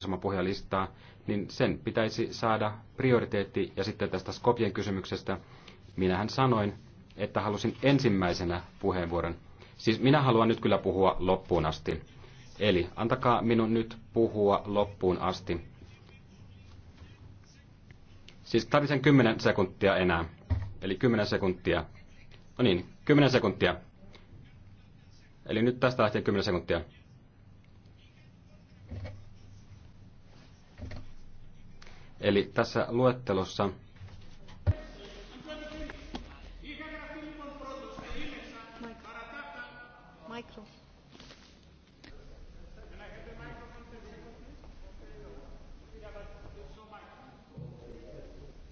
sama niin sen pitäisi saada prioriteetti. Ja sitten tästä Skopien kysymyksestä, minähän sanoin, että halusin ensimmäisenä puheenvuoron. Siis minä haluan nyt kyllä puhua loppuun asti. Eli antakaa minun nyt puhua loppuun asti. Siis tarvitsen 10 sekuntia enää. Eli 10 sekuntia. No niin, 10 sekuntia. Eli nyt tästä lähtien 10 sekuntia. Eli tässä luettelossa Micro.